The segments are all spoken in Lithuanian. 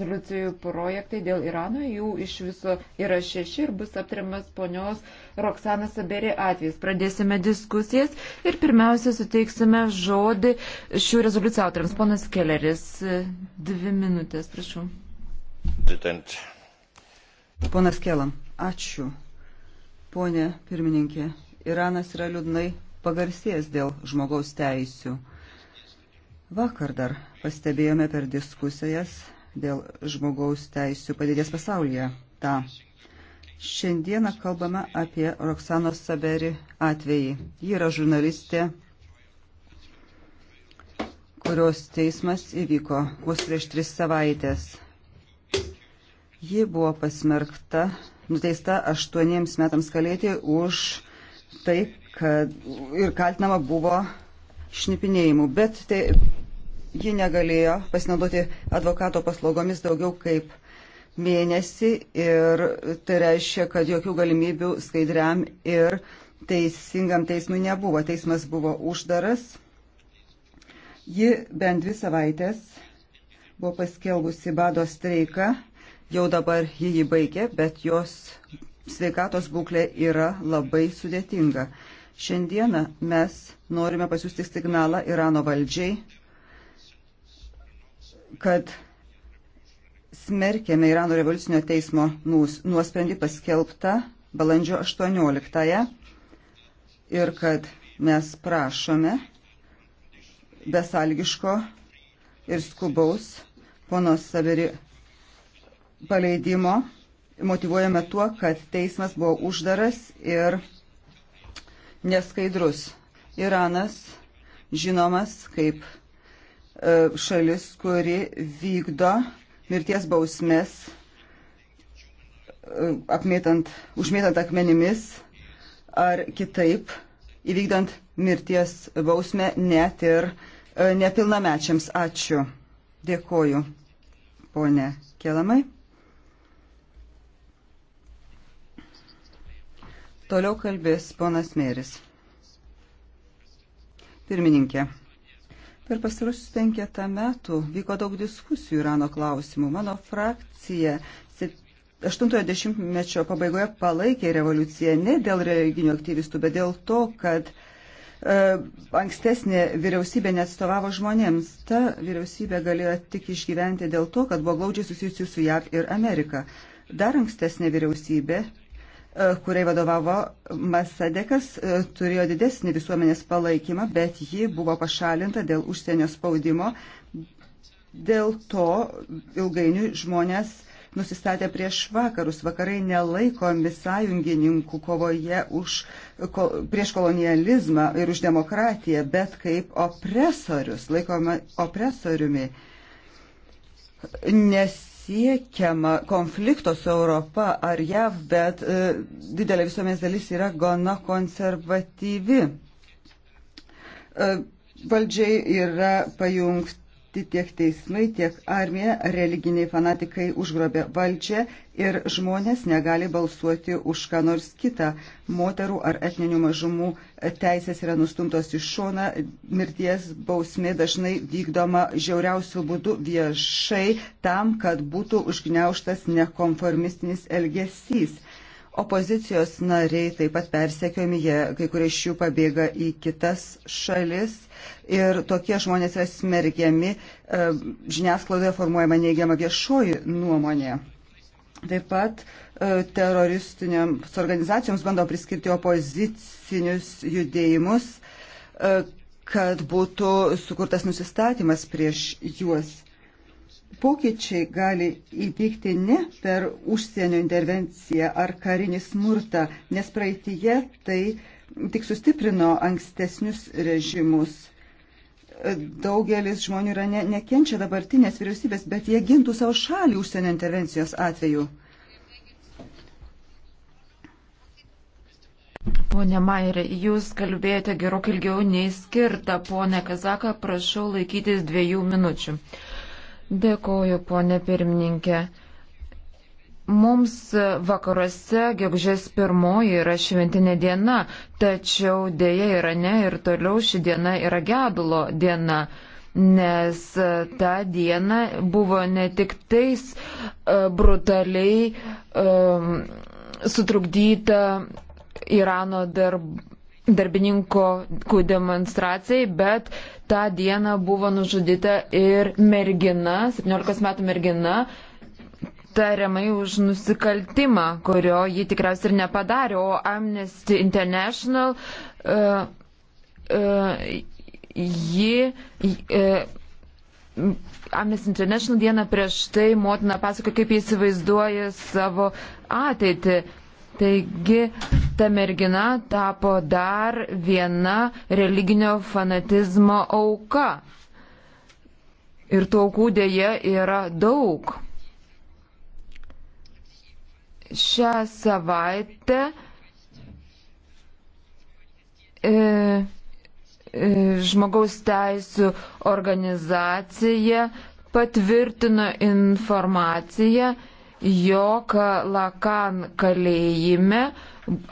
rezoliucijų projektai dėl Irano, jų iš viso yra šeši ir bus aptariamas ponios Roksana Saberė atvejs. Pradėsime diskusijas ir pirmiausia suteiksime žodį šių rezoliucijų autoriams. Ponas Kelleris, dvi minutės, prašau. President. Ponas Kelam, ačiū. Pone pirmininkė, Iranas yra liūdnai pagarsėjęs dėl žmogaus teisių. Vakar dar pastebėjome per diskusijas dėl žmogaus teisų padėties pasaulyje. Ta. Šiandieną kalbame apie Roksanos Saberi atvejį. Ji yra žurnalistė, kurios teismas įvyko vos prieš tris savaitės. Ji buvo pasmerkta, nuteista aštuoniems metams kalėti už tai, kad ir kaltinama buvo šnipinėjimu, bet tai ji negalėjo pasinaudoti advokato paslaugomis daugiau kaip mėnesį ir tai reiškia, kad jokių galimybių skaidriam ir teisingam teismui nebuvo. Teismas buvo uždaras. Ji bent dvi savaitės buvo paskelbusi bado streiką, jau dabar ji jį baigė, bet jos sveikatos būklė yra labai sudėtinga. Šiandieną mes norime pasiūsti signalą Irano valdžiai kad smerkėme Irano revoliucinio teismo nuosprendį paskelbtą balandžio 18-ąją ir kad mes prašome besalgiško ir skubaus ponos Saveri paleidimo, motivuojame tuo, kad teismas buvo uždaras ir neskaidrus. Iranas žinomas kaip E, šalis, kuri vykdo mirties bausmės, e, apmėtant, užmėtant akmenimis ar kitaip įvykdant mirties bausmę net ir e, nepilnamečiams. Ačiū. Dėkoju, ponė Kelamai. Toliau kalbės ponas Mėris. Pirmininkė. Per pastarusius penketą metų vyko daug diskusijų Irano klausimų. Mano frakcija 80-mečio pabaigoje palaikė revoliuciją ne dėl religinių aktyvistų, bet dėl to, kad e, ankstesnė vyriausybė neatstovavo žmonėms. Ta vyriausybė galėjo tik išgyventi dėl to, kad buvo glaudžiai susijusi su JAV ir Amerika. Dar ankstesnė vyriausybė kuriai vadovavo Masadekas, e, turėjo didesnį visuomenės palaikymą, bet ji buvo pašalinta dėl užsienio spaudimo. Dėl to ilgainiui žmonės nusistatė prieš vakarus. Vakarai nelaikomi sąjungininkų kovoje už, ko, prieš kolonializmą ir už demokratiją, bet kaip opresorius, laikoma opresoriumi. Nes siekiama konflikto su Europa ar JAV, bet e, didelė visuomenės dalis yra gana konservatyvi. E, valdžiai yra pajungti paveikti tiek teismai, tiek armija, religiniai fanatikai užgrobė valdžią ir žmonės negali balsuoti už ką nors kitą. Moterų ar etninių mažumų teisės yra nustumtos į šoną, mirties bausmė dažnai vykdoma žiauriausių būdų viešai tam, kad būtų užgneuštas nekonformistinis elgesys. Opozicijos nariai taip pat persekiojami, jie kai kurie iš jų pabėga į kitas šalis ir tokie žmonės yra smergiami, e, žiniasklaidoje formuojama neigiama viešoji nuomonė. Taip pat e, teroristinėms organizacijoms bando priskirti opozicinius judėjimus, e, kad būtų sukurtas nusistatymas prieš juos pokyčiai gali įvykti ne per užsienio intervenciją ar karinį smurtą, nes praeitie tai tik sustiprino ankstesnius režimus. Daugelis žmonių yra ne, nekenčia dabartinės vyriausybės, bet jie gintų savo šalį užsienio intervencijos atveju. Pone Mairė, jūs kalbėjote gerokai ilgiau nei skirta. Pone Kazaka, prašau laikytis dviejų minučių. Dėkoju, ponė pirmininkė. Mums vakaruose gegužės pirmoji yra šventinė diena, tačiau dėja yra ne ir toliau ši diena yra gedulo diena nes tą dieną buvo ne tik tais e, brutaliai um, sutrukdyta Irano darb, darbininkų demonstracijai, bet tą dieną buvo nužudyta ir mergina, 17 metų mergina, tariamai už nusikaltimą, kurio ji tikriausiai ir nepadarė, o Amnesty International uh, uh, ji. Uh, Amnesty International dieną prieš tai motina pasakoja, kaip jie įsivaizduoja savo ateitį. Uh, Taigi ta mergina tapo dar viena religinio fanatizmo auka. Ir tų aukų dėje yra daug. Šią savaitę e, e žmogaus teisų organizacija patvirtino informaciją jog Lakan kalėjime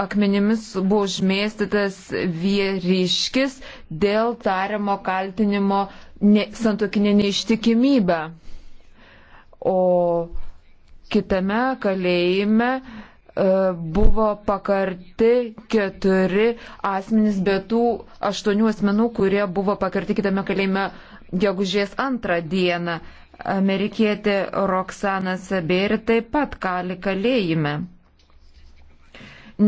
akmenimis buvo užmėstytas vyriškis dėl tariamo kaltinimo ne, santokinė neištikimybė. O kitame kalėjime e, buvo pakarti keturi asmenys, bet tų aštuonių asmenų, kurie buvo pakarti kitame kalėjime gegužės antrą dieną. Amerikietė Roksana Saberi taip pat kali kalėjime.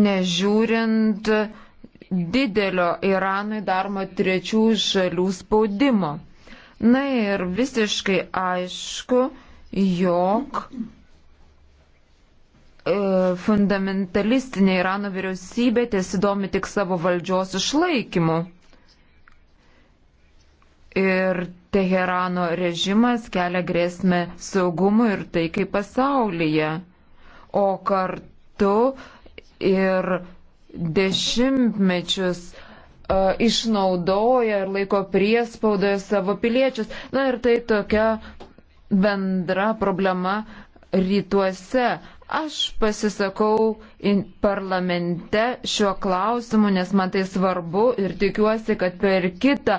Nežiūrint didelio Iranui darmo trečių šalių spaudimo. Na ir visiškai aišku, jog e, fundamentalistinė Irano vyriausybė tiesidomi tik savo valdžios išlaikymu ir Teherano režimas kelia grėsmę saugumui ir taikai pasaulyje. O kartu ir dešimtmečius uh, išnaudoja ir laiko priespaudoje savo piliečius. Na ir tai tokia bendra problema rytuose. Aš pasisakau parlamente šiuo klausimu, nes man tai svarbu ir tikiuosi, kad per kitą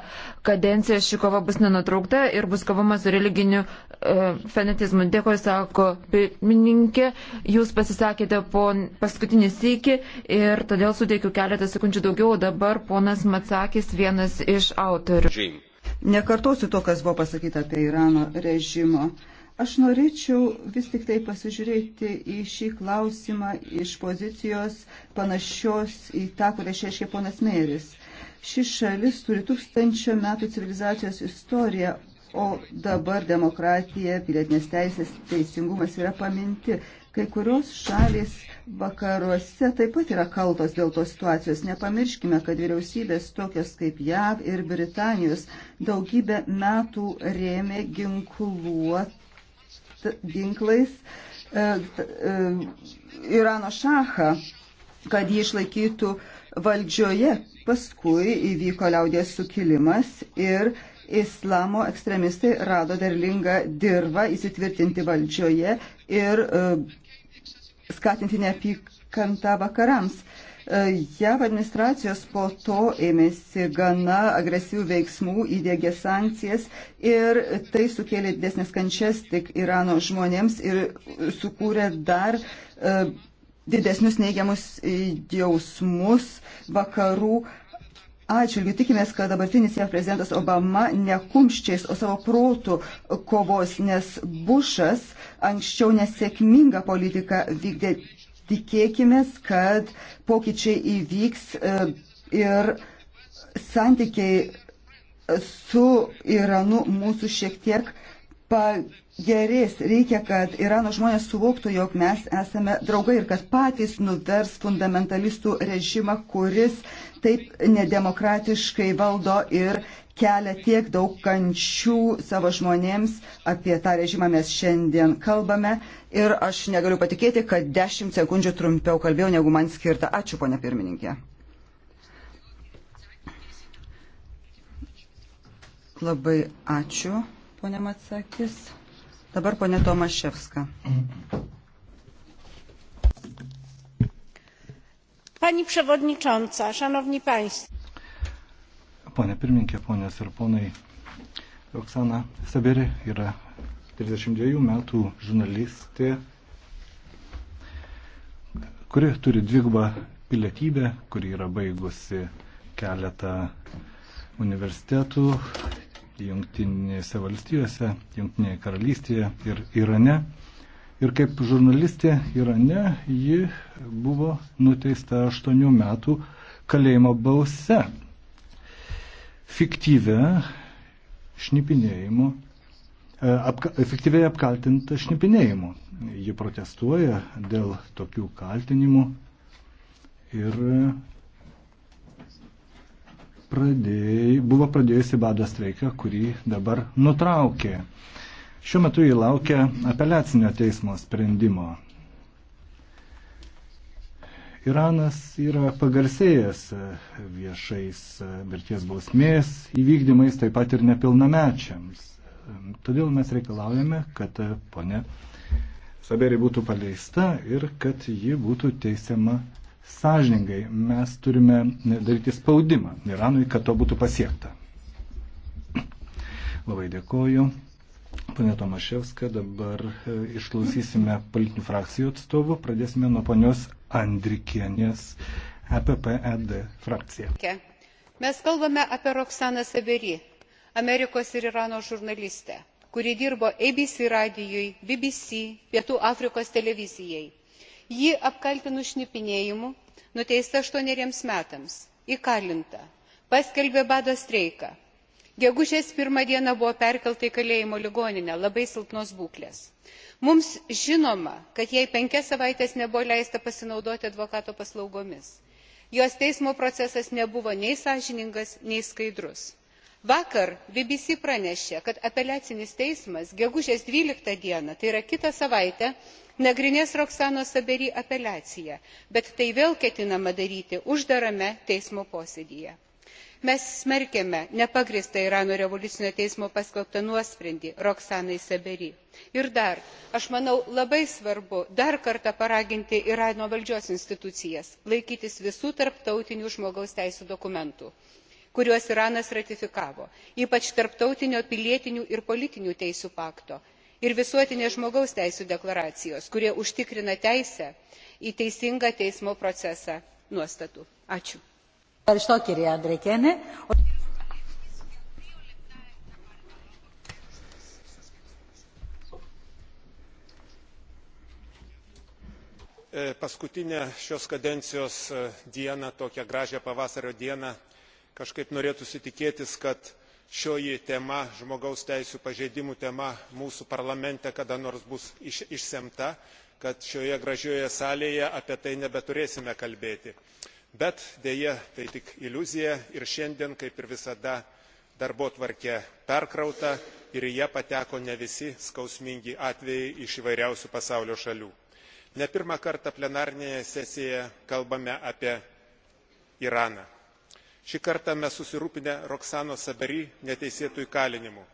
kadenciją ši kova bus nenutraukta ir bus kovama su religiniu e, fanatizmu. Dėkoju, sako pirmininkė, jūs pasisakėte po paskutinį sykį ir todėl suteikiu keletą sekundžių daugiau, o dabar ponas Matsakis, vienas iš autorių. Nekartosiu to, kas buvo pasakyta apie Irano režimo. Aš norėčiau vis tik tai pasižiūrėti į šį klausimą iš pozicijos panašios į tą, kurią šeškė ponas Mėris. Ši šalis turi tūkstančio metų civilizacijos istoriją, o dabar demokratija, pilietinės teisės, teisingumas yra paminti. Kai kurios šalis vakaruose taip pat yra kaltos dėl tos situacijos. Nepamirškime, kad vyriausybės tokios kaip JAV ir Britanijos daugybę metų rėmė ginkluot ginklais e, e, Irano šachą, kad jį išlaikytų valdžioje. Paskui įvyko liaudės sukilimas ir islamo ekstremistai rado derlingą dirvą įsitvirtinti valdžioje ir e, skatinti neapykantą vakarams. E, JAV administracijos po to ėmėsi gana agresyvių veiksmų, įdėgė sankcijas ir tai sukėlė didesnės kančias tik Irano žmonėms ir sukūrė dar e, didesnius neigiamus jausmus vakarų atžvilgių tikimės, kad dabartinis jav prezidentas Obama ne kumščiais, o savo protų kovos, nes Bušas anksčiau nesėkmingą politiką vykdė tikėkime, kad pokyčiai įvyks e, ir santykiai su Iranu mūsų šiek tiek pagerės. Reikia, kad Irano žmonės suvoktų, jog mes esame draugai ir kad patys nuvers fundamentalistų režimą, kuris taip nedemokratiškai valdo ir kelia tiek daug kančių savo žmonėms, apie tą režimą mes šiandien kalbame ir aš negaliu patikėti, kad 10 sekundžių trumpiau kalbėjau, negu man skirta. Ačiū, ponia pirmininkė. Labai ačiū, ponia Matsakis. Dabar ponia Tomaševska. Pani przewodnicząca, szanowni państwo. Pone pirminkė, ponės ir ponai, Roksana Saberi yra 32 metų žurnalistė, kuri turi dvigubą pilietybę, kuri yra baigusi keletą universitetų Junktinėse valstijose, Junktinėje karalystėje ir Irane. Ir kaip žurnalistė Irane ji buvo nuteista 8 metų kalėjimo bause fiktyvę šnipinėjimo, e, apka, fiktyviai apkaltinta šnipinėjimu. Ji protestuoja dėl tokių kaltinimų ir pradėj, buvo pradėjusi bado streiką, kurį dabar nutraukė. Šiuo metu jį laukia apeliacinio teismo sprendimo. Iranas yra pagarsėjęs viešais mirties bausmės įvykdymais taip pat ir nepilnamečiams. Todėl mes reikalaujame, kad ponė Saberi būtų paleista ir kad ji būtų teisiama sąžiningai. Mes turime daryti spaudimą Iranui, kad to būtų pasiekta. Labai dėkoju. Pane Tomaševska, dabar išklausysime politinių frakcijų atstovų. Pradėsime nuo ponios Andrikienės, EPPED frakcija. Mes kalbame apie Roksaną Severį, Amerikos ir Irano žurnalistę, kuri dirbo ABC radijui, BBC, Pietų Afrikos televizijai. Ji apkaltinų šnipinėjimu nuteista aštuoneriems metams, įkalinta, paskelbė bado streiką gegužės vieną d buvo perkelta į kalėjimo ligoninę labai silpnos būklės. mums žinoma kad jai penkias savaites nebuvo leista pasinaudoti advokato paslaugomis. jos teismo procesas nebuvo nei sąžiningas nei skaidrus. vakar bbc pranešė kad apeliacinis teismas gegužės dvylika d tai yra kitą savaitę nagrinės roksanos saberi apeliaciją bet tai vėl ketinama daryti uždarame teismo posėdyje mes smerkiame nepagrįstą irano revoliucinio teismo paskelbtą nuosprendį roksanai saberi. ir dar aš manau labai svarbu dar kartą paraginti irano valdžios institucijas laikytis visų tarptautinių žmogaus teisių dokumentų kuriuos iranas ratifikavo ypač tarptautinio pilietinių ir politinių teisių pakto ir visuotinės žmogaus teisių deklaracijos kurie užtikrina teisę į teisingą teismo procesą nuostatų. ačiū. Ευχαριστώ κύριε Αντρικένε. paskutinę šios kadencijos e, dieną tokią gražią pavasario dieną kažkaip norėtųsi tikėtis kad šioji tema žmogaus teisių pažeidimų tema mūsų parlamente kada nors bus iš, išsemta kad šioje gražioje salėje apie tai nebeturėsime kalbėti bet deja tai tik iliuzija ir šiandien kaip ir visada darbotvarkė perkrauta ir į ją pateko ne visi skausmingi atvejai iš įvairiausių pasaulio šalių. ne pirmą kartą plenarinėje sesijoje kalbame apie iraną. šį kartą mes susirūpinę roksanos sabari neteisėtu įkalinimu.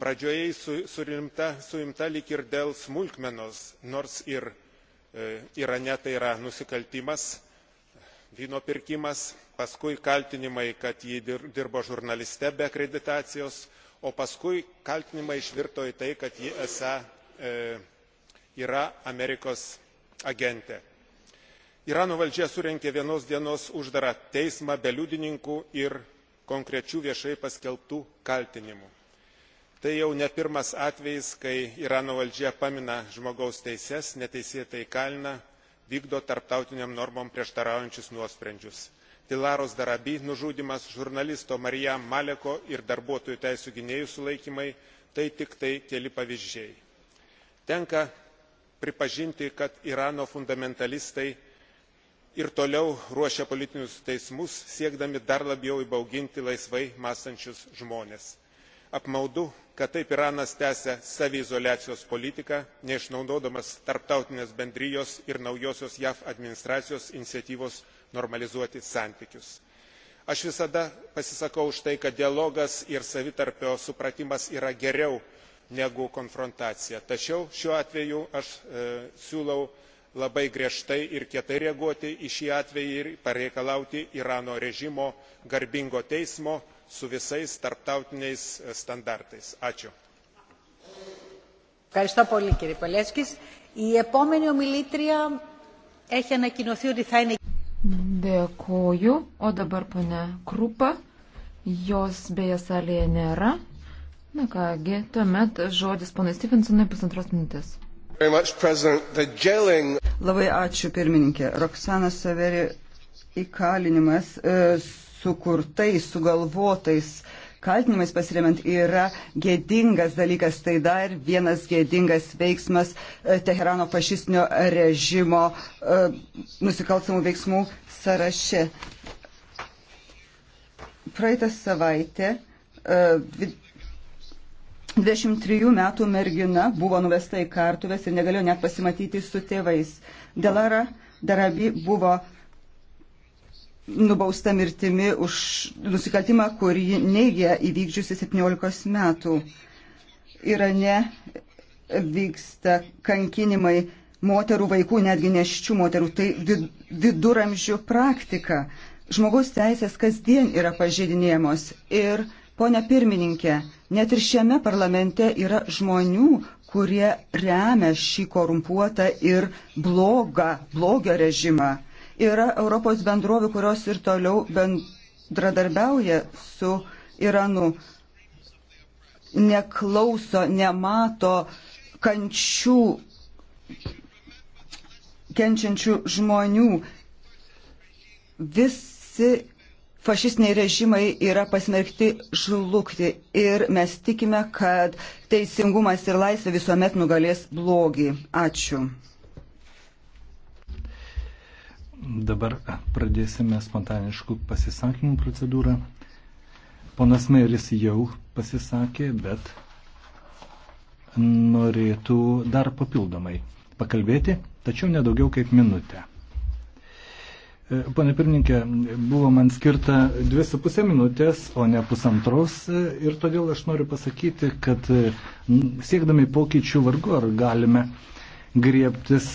pradžioje ji suimta, suimta lyg ir dėl smulkmenos nors ir e, irane tai yra nusikaltimas vyno pirkimas paskui kaltinimai kad ji dirbo žurnaliste be akreditacijos o paskui kaltinimai išvirto į tai kad ji esą e, yra amerikos agentė. irano valdžia surengė vienos dienos uždarą teismą be liudininkų ir konkrečių viešai paskelbtų kaltinimų. tai jau ne pirmas atvejis kai irano valdžia pamina žmogaus teises neteisėtai įkalina vykdo tarptautiniam normom prieštaraujančius nuosprendžius dilaros darabi nužudymas žurnalisto maryam maleko ir darbuotojų teisių gynėjų sulaikymai tai tik tai keli pavyzdžiai. tenka pripažinti kad irano fundamentalistai ir toliau ruošia politinius teismus siekdami dar labiau įbauginti laisvai mąstančius žmones. apmaudu kad taip iranas tęsia saviizoliacijos politiką neišnaudodamas tarptautinės bendrijos ir naujosios jav administracijos iniciatyvos normalizuoti santykius. aš visada pasisakau už tai kad dialogas ir savitarpio supratimas yra geriau negu konfrontacija tačiau šiuo atveju aš e, siūlau labai griežtai ir kietai reaguoti į šį atvejį ir pareikalauti irano režimo garbingo teismo su visais tarptautiniais e, standartais. ačiū. Ευχαριστώ πολύ κύριε Παλέσκης. Η επόμενη ομιλήτρια έχει ανακοινωθεί ότι θα είναι... Dėkoju, o dabar pane Krupa, jos beje salėje nėra. Na kągi, tuomet žodis ponai Stevensonai pusantros minutės. Much, Labai ačiū pirmininkė. Roksana Saveri įkalinimas e, sukurtais, sugalvotais kaltinimais pasiremiant yra gėdingas dalykas, tai dar vienas gėdingas veiksmas e, Teherano fašistinio režimo e, nusikalstamų veiksmų sąraše. Praeitą savaitę e, 23 metų mergina buvo nuvesta į kartuves ir negalėjo net pasimatyti su tėvais. Delara Darabi buvo nubausta mirtimi už nusikaltimą, kurį neigė įvykdžiusi 17 metų. Irane vyksta kankinimai moterų vaikų, netgi neščių moterų. Tai viduramžių praktika. Žmogaus teisės kasdien yra pažeidinėjamos. Ir, ponia pirmininkė, Net ir šiame parlamente yra žmonių, kurie remia šį korumpuotą ir blogą, blogio režimą. Yra Europos bendrovių, kurios ir toliau bendradarbiauja su Iranu. Neklauso, nemato kančių kenčiančių žmonių. Visi fašistiniai režimai yra pasmerkti žlugti ir mes tikime, kad teisingumas ir laisvė visuomet nugalės blogį. Ačiū. Dabar pradėsime spontaniškų pasisakymų procedūrą. Ponas Meiris jau pasisakė, bet norėtų dar papildomai pakalbėti, tačiau nedaugiau kaip minutę. E, Pane pirmininkė, buvo man skirta dvi su pusė minutės, o ne pusantros e, ir todėl aš noriu pasakyti, kad e, siekdami pokyčių vargu ar galime griebtis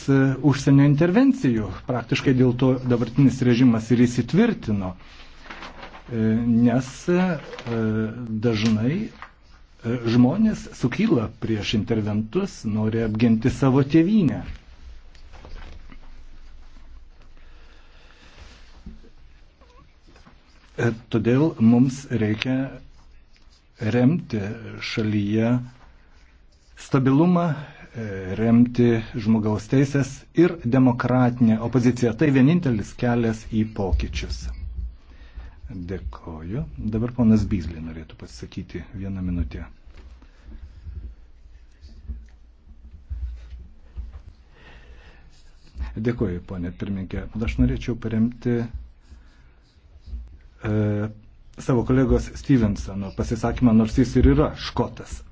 užsienio intervencijų. Praktiškai dėl to dabartinis režimas ir įsitvirtino, nes dažnai žmonės sukyla prieš interventus, nori apginti savo tėvynę. E, todėl mums reikia remti šalyje stabilumą, e, remti žmogaus teisės ir demokratinę opoziciją. Tai vienintelis kelias į pokyčius. Dėkoju. Dabar ponas Byzlė norėtų pasakyti vieną minutę. Dėkoju, ponė pirmininkė. Aš norėčiau paremti e, savo kolegos Stevensono pasisakymą, nors jis ir yra škotas.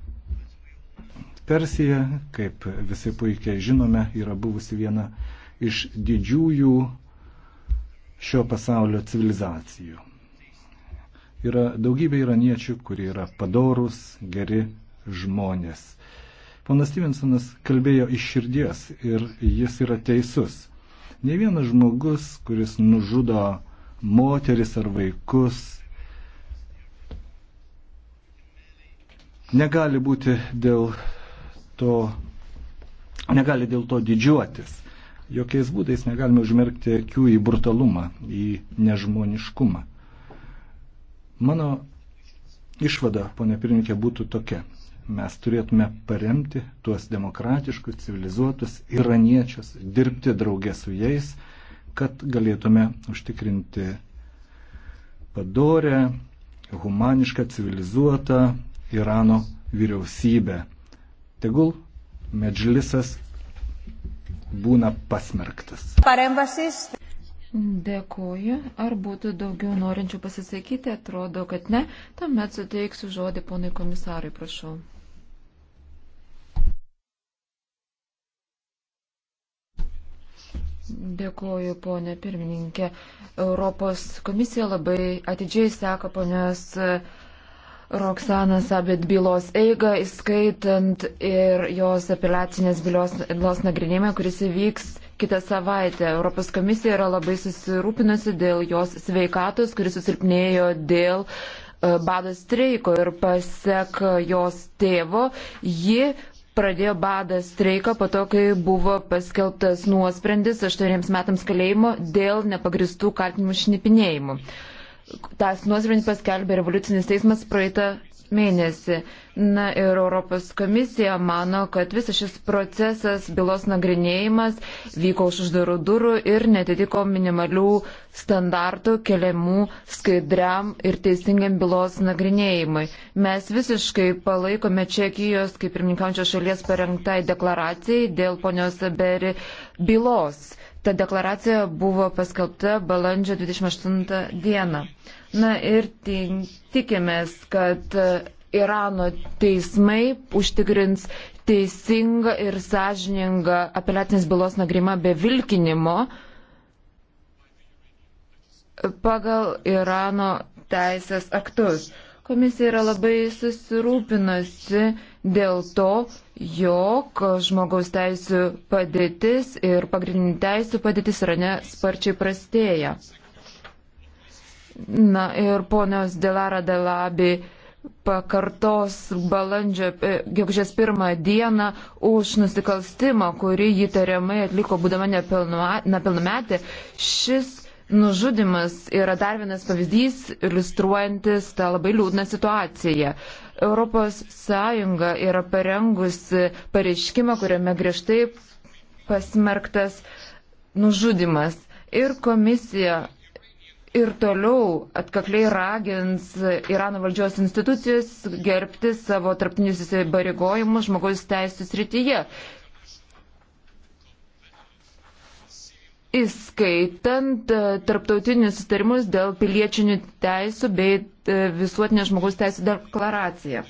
Persija, kaip visi puikiai žinome, yra buvusi viena iš didžiųjų šio pasaulio civilizacijų. Yra daugybė iraniečių, kurie yra padorūs, geri žmonės. Ponas Stevensonas kalbėjo iš širdies ir jis yra teisus. Ne vienas žmogus, kuris nužudo moteris ar vaikus. Negali būti dėl to, negali dėl to didžiuotis. Jokiais būdais negalime užmerkti akių į brutalumą, į nežmoniškumą. Mano išvada, ponė pirmininkė, būtų tokia. Mes turėtume paremti tuos demokratiškus, civilizuotus iraniečius, dirbti draugė su jais, kad galėtume užtikrinti padorę, humanišką, civilizuotą Irano vyriausybę. Tegul medžlisas būna pasmerktas. Parembasis. Dėkuoju. Ar būtų daugiau norinčių pasisakyti? Atrodo, kad ne. Tuomet suteiksiu žodį ponui komisarui, prašau. Dėkuoju, ponė pirmininkė. Europos komisija labai atidžiai seka ponios e, Roksanas abit bylos eigą, įskaitant ir jos apeliacinės bylos, bylos nagrinėjimą, kuris įvyks kitą savaitę. Europos komisija yra labai susirūpinusi dėl jos sveikatos, kuris susilpnėjo dėl e, bado streiko ir pasek jos tėvo, ji pradėjo badą streiką po to, kai buvo paskelbtas nuosprendis aštuoniems metams kalėjimo dėl nepagristų kaltinimų šnipinėjimų. Tas nuosprendį paskelbė revoliucinis teismas praeitą mėnesį. Na ir Europos komisija mano, kad visas šis procesas, bylos nagrinėjimas vyko už uždarų durų ir netitiko minimalių standartų keliamų skaidriam ir teisingiam bylos nagrinėjimui. Mes visiškai palaikome Čekijos kaip pirmininkaujančios šalies parengtai deklaracijai dėl ponios Beri bylos Ta deklaracija buvo paskelbta balandžio 28 dieną. Na ir tikimės, kad e, Irano teismai užtikrins teisingą ir sąžiningą apeliacinės bylos nagrimą be vilkinimo pagal Irano teisės aktus. Komisija yra labai susirūpinusi dėl to, jog žmogaus teisų padėtis ir pagrindinių teisų padėtis yra nesparčiai prastėja. Na ir ponios Delara Delabi pakartos balandžio, e, gegužės pirmą dieną už nusikalstimą, kurį jį tariamai atliko būdama nepilnumetė. Šis nužudimas yra dar vienas pavyzdys, iliustruojantis tą labai liūdną situaciją. Europos Sąjunga yra parengusi pareiškimą, kuriame griežtai pasmerktas nužudimas. Ir komisija ir toliau atkakliai ragins Irano valdžios institucijas gerbti savo tarptinius įsibarygojimus žmogaus teisų srityje. įskaitant e, tarptautinius sustarimus dėl piliečinių teisų bei e, visuotinė žmogaus teisų deklaracija.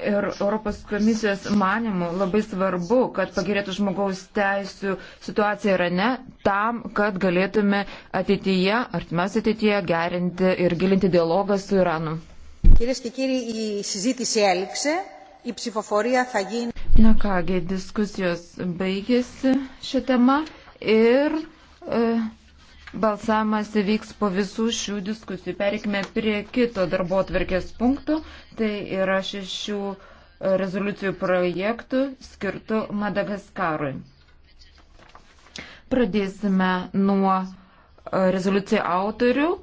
Ir Europos komisijos manimų labai svarbu, kad pagerėtų žmogaus teisų situacija Irane tam, kad galėtume ateityje, artimiausia ateityje, gerinti ir gilinti dialogą su Iranu. Κυρίες και κύριοι, η συζήτηση έληξε. Η ψηφοφορία θα γίνει. Na kągi, diskusijos baigėsi šią temą ir e, balsavimas įvyks po visų šių diskusijų. Perikime prie kito darbo atverkės punktų. Tai yra šešių e, rezoliucijų projektų skirtų Madagaskarui. Pradėsime nuo e, rezoliucijų autorių.